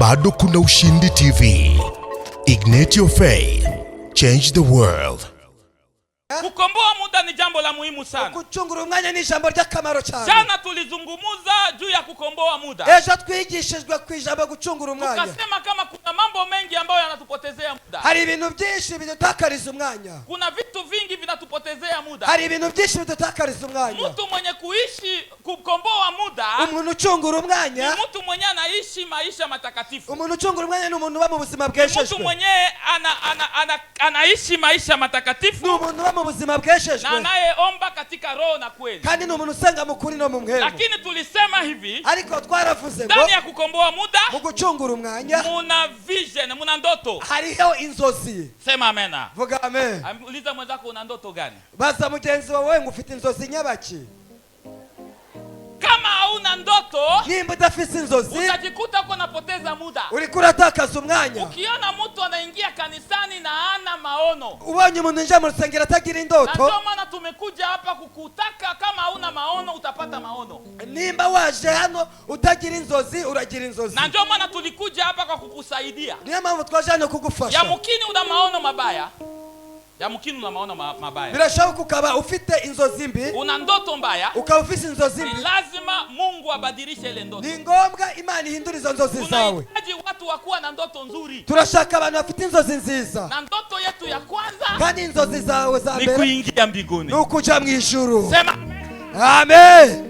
bado kuna ushindi TV. Ignite your faith, change the world. Kukomboa muda ni jambo la muhimu sana. Kuchungura umwanya ni jambo ry'akamaro cyane. Jana tulizungumuza juu ya kukomboa muda. Ejo twigishijwe ku ijambo guchungura umwanya. Tukasema kama kuna mambo mengi ambayo yanatupotezea muda. Hari ibintu byinshi bidutakariza umwanya. Kuna vitu vingi vinatu muda hari ibintu byinshi bidutakariza umwanya mtu mwenye kuishi kukomboa muda umuntu ucungura umwanya ni mwenye anaishi maisha matakatifu umuntu ucungura umwanya ni umuntu uba mu buzima bweshejwe mtu mwenye ana, ana, ana, anaishi maisha matakatifu ni umuntu uba mu buzima bweshejwe na anayeomba katika roho na kweli kandi ni umuntu usenga mukuri no mu mwema lakini tulisema hivi ariko twaravuze ngo ndani ya kukomboa muda mu umwanya muna vision muna ndoto hariho inzozi sema amena vuga amen uliza mwenzako una ndoto gani baza mugenzi wawe ngo ufite inzozi nyabaki kama hauna ndoto nimba udafite inzozi utajikuta uko unapoteza muda ulikuwa unatakaza umwanya ukiona mtu anaingia kanisani na ana maono ubonye umuntu yinjira mu rusengero atagira indoto amekuja hapa kukutaka, kama hauna maono utapata maono. nimba waje hano utagira inzozi uragira inzozi, na ndio maana tulikuja hapa kwa kukusaidia. niyo mpamvu twaje hano kugufasha. yamkini una maono mabaya yamkini una maono mabaya, birashoboka ukaba ufite inzozi mbi, una ndoto mbaya, ukaba ufite inzozi mbi. Lazima Mungu abadilishe ile ndoto, ni ngombwa Imana ihindura izo nzozi zawe wakuwa na ndoto nzuri. Turashaka abantu bafite inzozi nziza. Na ndoto yetu ya kwanza kandi inzozi zawe za mbere ni kuingia mbinguni, ni ukuja mu ijuru. Sema amen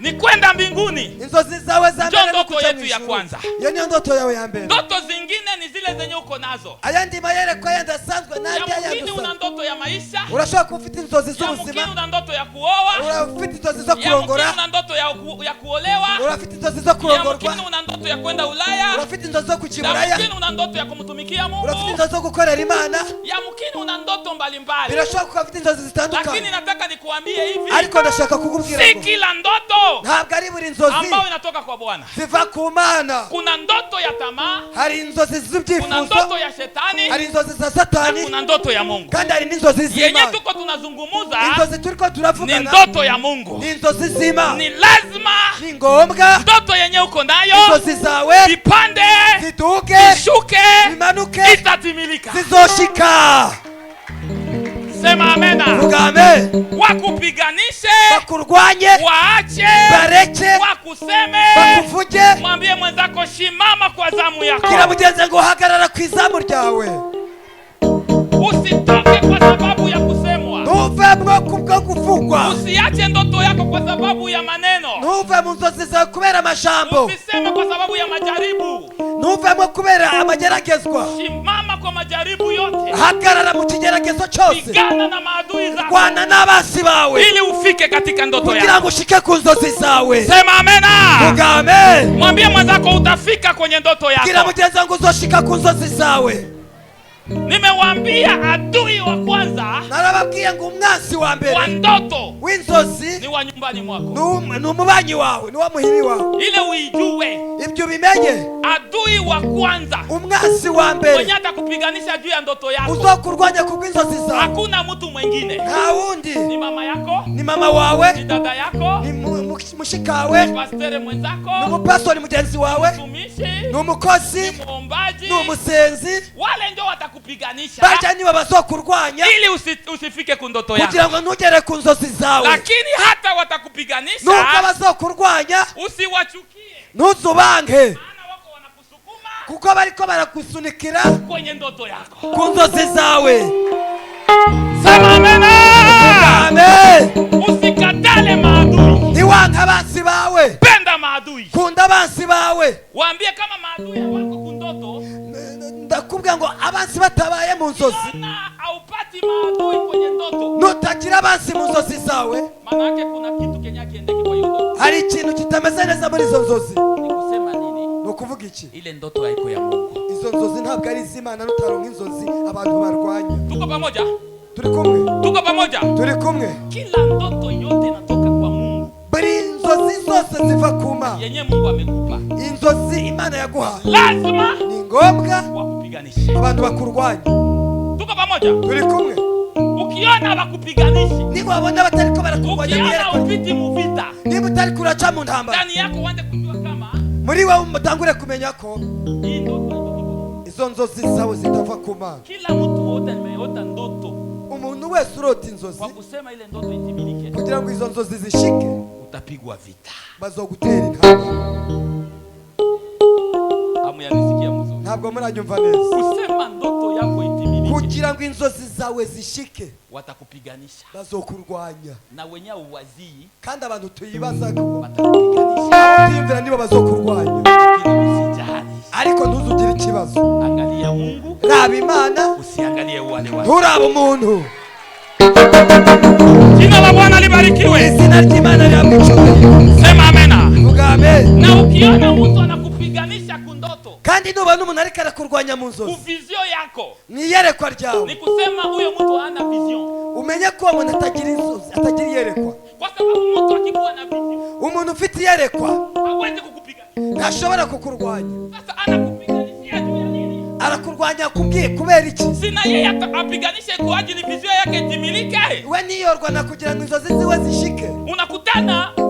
ni kwenda mbinguni. Inzozi zawe za mbele ndoto yetu ya kwanza, yenye ndoto yao ya mbele. Ndoto zingine ni zile zenye uko nazo, aya ndi mayele kwa yenda sanzwe na ya yamkini. Una ndoto ya maisha, unashaka kufiti ndoto zao mzima. Una ndoto ya kuoa, unafiti ndoto zao kurongora. Una ndoto ya ya kuolewa, unafiti ndoto zao kurongorwa. Una ndoto ya kwenda Ulaya, unafiti ndoto zao kuchimuraya. Una ndoto ya kumtumikia Mungu, unafiti ndoto zao kukorera Imana. Yamkini una ndoto mbalimbali, unashaka kufiti ndoto zitandukana, lakini nataka nikuambie hivi, aliko ndashaka kukubwira, si kila ndoto ntabwo ari buri nzozi ziva ku mana Bwana zivakumana. Kuna ndoto hari nzozi zibyifuzo, hari nzozi za satani, kuna kandi hari n'inzozi zima. Yenye tuko tunazungumuza turavugana ni ndoto ya Mungu, ni nzozi zima, ni ngombwa ndoto zawe vipande zimanuke, zizoshika. Sema amena, bakupiganishe, bakurwanye, waache, bareke, bakuseme, bakuvuje. Mwambie mwenzako shimama kwa zamu yako, kila mugenzi ngo hagarara ku izamu ryawe, usitoke kwa sababu ya kusemwa, ntuve mwo kuvugwa, usiache ndoto yako kwa sababu ya maneno, ntuve mu nzozi zawe kubera amajambo, usiseme kwa sababu ya majaribu, ntuvemo kubera amageragezwa. Shimama kwa majaribu yote, hagarara mu kigeragezo cyose, pigana na maadui zako, rwana n'abasi bawe, ili ufike katika ndoto yako, kugira ngo ushike ku nzozi zawe. Sema amena, ugame, mwambie mwenzako utafika kwenye ndoto yako, kila mugenzi wangu uzoshika ku nzozi zawe. Nimewaambia adui wa kwanza, narababwiye ngo umwasi wa mbere wa ndoto w'inzozi ni wa nyumbani mwako, ni umubanyi wawe, ni wa muhiri wawe, ile uijue, ibyo ubimenye. Adui wa kwanza, umwasi wa mbere kupiganisha juu ya ndoto yako, uzokurwanya kubwa inzozi zako. Hakuna mtu mwingine, Haundi. ni mama yako, ni mama wawe, ni dada yako, ni mushikawe, ni pastere mwenzako, ni ni mugenzi wawe, ni umukozi, ni muombaji, ni umusenzi. Wale ndio watakupiganisha, bacha ni wabazo kurwanya. ili usi, usifike ku ndoto yako, kugira ngo ntugere ku nzozi zawe. Lakini hata watakupiganisha, nubwo bazokurwanya, usiwachukie, ntuzubange kuko bariko baragusunikira kwenye ndoto yako, ku ndozi zawe. Usikatale maadui, ni wanga bawe, penda maadui, kunda basi bawe, waambie kama maadui hawako ku ndoto. Ndakubwira ngo abansi batabaye mu nzozi, haupati maadui nutagira abansi mu nzozi zawe, hari ikintu kitameze neza muri izo nzozi kuvuga iki ile ndoto haiko ya Mungu izo nzozi ntabwo ari iz'Imana rutaro nk'inzozi abantu barwanya tuko pamoja turi kumwe tuko pamoja turi kumwe kila ndoto yote inatoka kwa Mungu bali nzozi zose ziva kuma yenye Mungu amekupa inzozi Imana yaguhaye lazima ni ngombwa wakupiganishe abantu bakurwanya tuko pamoja turi kumwe ukiona bakupiganishi niba wabona batariko barakurwanya ukiona upiti mu vita niba utariko uraca mu ntambara ndani yako wande muri wowe mutangure kumenya ko izo nzozi zawe zitava ku mana umuntu wese urota inzozi kugira ngo izo nzozi zishike utapigwa vita bazogutera ikamba ntabwo murajyumva neza usema ndoto yako itimilike kugira ngo inzozi zawe zishike watakupiganisha bazokurwanya na wenyewe uwazii kandi abantu tuyibazaga batakupiganisha utiyumvira nibo bazokurwanya ariko ntuzugire ikibazo angalia Mungu raba Imana usiangalie wale watu umuntu n'umuntu ariko arakurwanya mu nzozi yako ni ryawe ni kusema huyo mtu hana vision umenye ko uwo muntu atagira inzozi atagira kwa sababu mtu akikuwa na vision umuntu ufite iyerekwa hawezi kukupiga ntashobora kukurwanya sasa anakupigania juu arakurwanya kubwiye kubera iki sina ye apiganishe ku ajili vision yake timilike we niyorwa na kugira ngo inzozi ziwe zishike unakutana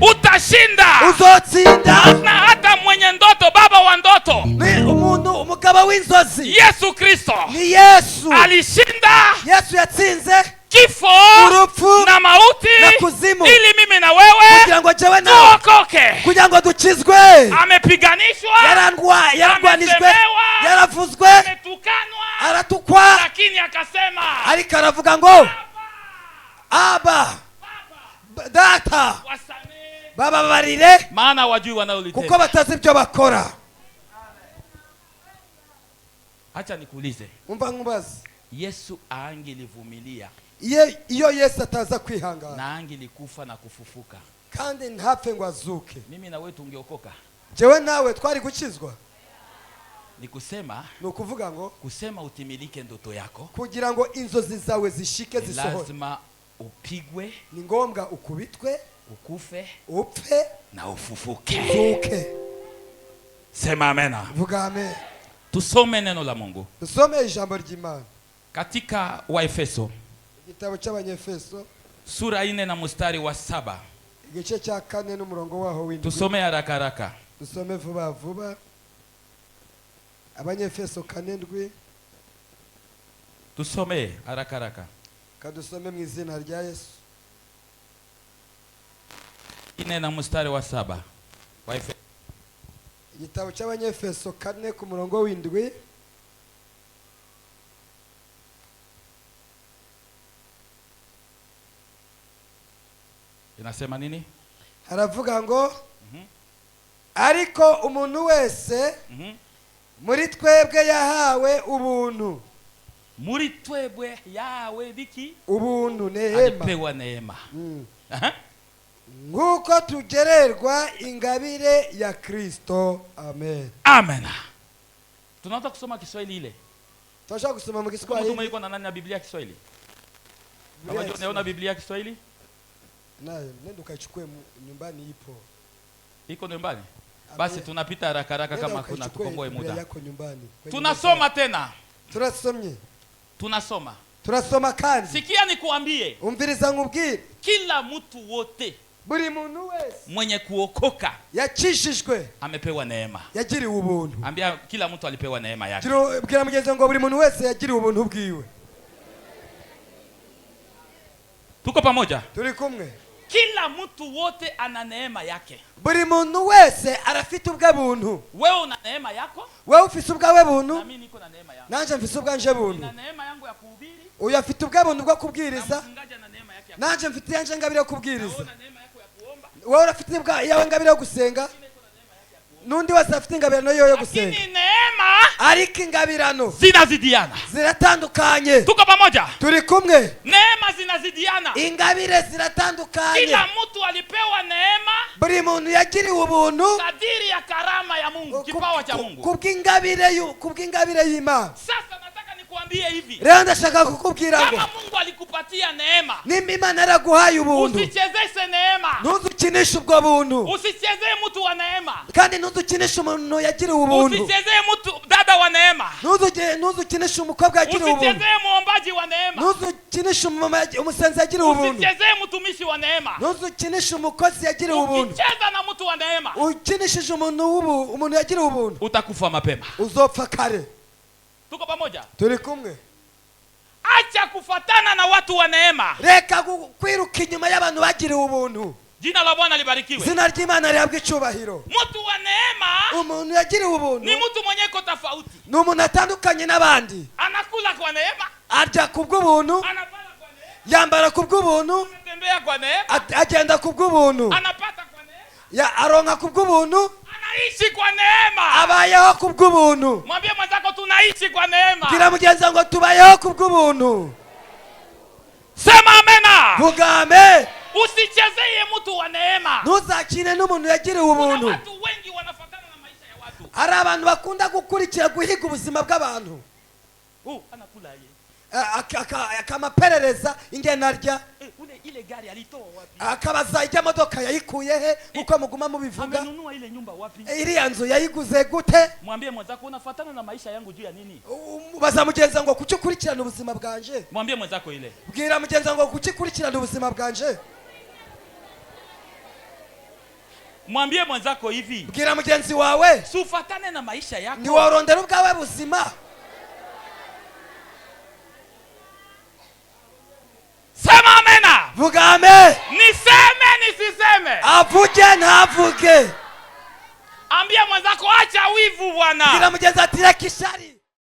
utashinda uzotsinda na hata mwenye ndoto baba wa ndoto ni umuntu umugaba w'inzozi yesu kristo ni yesu alishinda yesu yatsinze kifo urupfu na mauti na kuzimu ili mimi na wewe kugira ngo jewe na tuokoke kugira ngo dukizwe amepiganishwa yarangwa yarwanijwe yaravuzwe ametukanwa aratukwa lakini akasema ariko aravuga ngo aba data wasame bababarire mana wajui wanalolitenda kuko batazi ibyo bakora. Acha nikuulize, umva nkubaze, Yesu angilivumilia Ye, iyo Yesu ataza kwihangana na angilikufa na kufufuka kandi ntapfe ngo azuke, mimi nawe tungeokoka, jewe nawe twari gukizwa ni kusema ni ukuvuga ngo kusema utimilike ndoto yako kugira ngo inzozi zawe zishike zisohore, lazima upigwe, ni ngombwa ukubitwe ukufe upfe na ufufuke ufuke Sema amena, vuga amen. Tusome neno la Mungu, tusome ijambo ry'Imana katika Waefeso, igitabo cy'Abanyaefeso sura ine na mustari wa saba igice cya kane n'umurongo waho w'indwi. Tusome haraka haraka, tusome vuba vuba. Abanyaefeso kane ndwi, tusome haraka haraka, kadusome mu izina rya Yesu ine na mstari wa saba igitabo cy'abanyefeso kane ku murongo w'indwi inasema nini? haravuga ngo mhm. ariko umuntu wese mhm. muri twebwe yahawe ubuntu muri twebwe yahawe biki ubuntu neema alipewa neema mm. nk'uko tugererwa ingabire ya kristo amen amen tunaanza kusoma kiswahili ile tunataka kusoma mu kiswahili iko na nani na biblia ya kiswahili kama naona biblia ya kiswahili nayo nenda ukachukue nyumbani ipo iko nyumbani basi tunapita haraka haraka kama kuna tukomboe muda yako nyumbani tunasoma tena tunasomye tunasoma tunasoma kani sikia nikuambie umviriza nkubwire kila mtu wote mwenye kuokoka yachishishwe amepewa neema yagiriwe ubuntu ambia kila mtu alipewa neema yake bwira mugenzi ngo buri muntu wese yagiriwe ubuntu bwiwe tuko pamoja turi kumwe kila mtu wote ana neema yake buri muntu wese arafite ubwe buntu wewe una neema yako wewe ufise ubwawe buntu na mimi niko na nanje mfise ubwanje buntu na neema yangu ya kuhubiri uyu afite ubwe buntu bwo kubwiriza nanje mfite yanje ngabire kubwiriza wowe urafite yawe ngabire yo gusenga n'undi wese afite ingabirano yiwe yo gusenga ariko ingabirano zinazidiana ziratandukanye tuko pamoja turi kumwe neema zina zinazidiana ingabire ziratandukanye kila mtu alipewa neema buri muntu yagiriwe ubuntu kadiri ya karama ya Mungu kipawa cha Mungu kubw'ingabire kubw'ingabire y'Imana sasa nataka nikuambie hivi leo ndashaka kukubwira ngo kama Mungu alikupatia neema nimba Imana yaraguhaye ubuntu usicezeshe ntuzukinishe ubwo buntu usisezeye mtu wa kandi ntuzukinishe umuntu yagiriwe ubuntu mtu dada ntuzukinishe umukobwa yagiriwe ubuntu ntuzukinishe umusenzi yagiriwe ubuntu ntuzukinishe umukozi yagiriwe ubuntu na mtu ukinishije umuntu yagiriwe ubuntu mapema uzopfa kare turi kumwe acha kufatana na watu wa neema reka kwiruka inyuma y'abantu bagiriwe ubuntu Jina la Bwana libarikiwe. Zina ry'Imana rihabwe icyubahiro. mutu wa neema. Umuntu yagiriwe ubuntu. Ni mutu mwenye ko tofauti. Ni umuntu atandukanye n'abandi. Anakula kwa neema. Arya kubw'ubuntu. Anafala kwa neema. Yambara kubw'ubuntu. Anatembea kwa neema. Agenda kubw'ubuntu. Anapata kwa neema. Ya aronka kubw'ubuntu. Tunaishi kwa neema. Abayeho kubw'ubuntu. Mwambie mwenzako tunaishi kwa neema. Kila mugenzi ngo tubayeho kubw'ubuntu. Sema amena. Vuga amena usichezeye mtu wa neema ntuzakine n'umuntu yagiriwe ubuntu wengi wanafatana na maisha ya watu hari abantu bakunda gukurikira guhiga ubuzima bw'abantu akamaperereza ingene arya eh, akabaza ijya modoka yayikuye he kuko eh, muguma mubivuga eh, iriya nzu yayiguze gute mwambie mwenzako na maisha yangu juu ya nini ngo kuki ukurikirana ubuzima bwanje mwambie ile bwira mugenza ngo kuki ukurikirana ubuzima bwanje mwambie mwenzako hivi, bwira mugenzi wawe sufatane na maisha yako ntiworondera ubwawe buzima sema amena vuga ame niseme nisiseme avuge ntavuge ambia mwenzako acha wivu bwana bwira mugenzi ati reka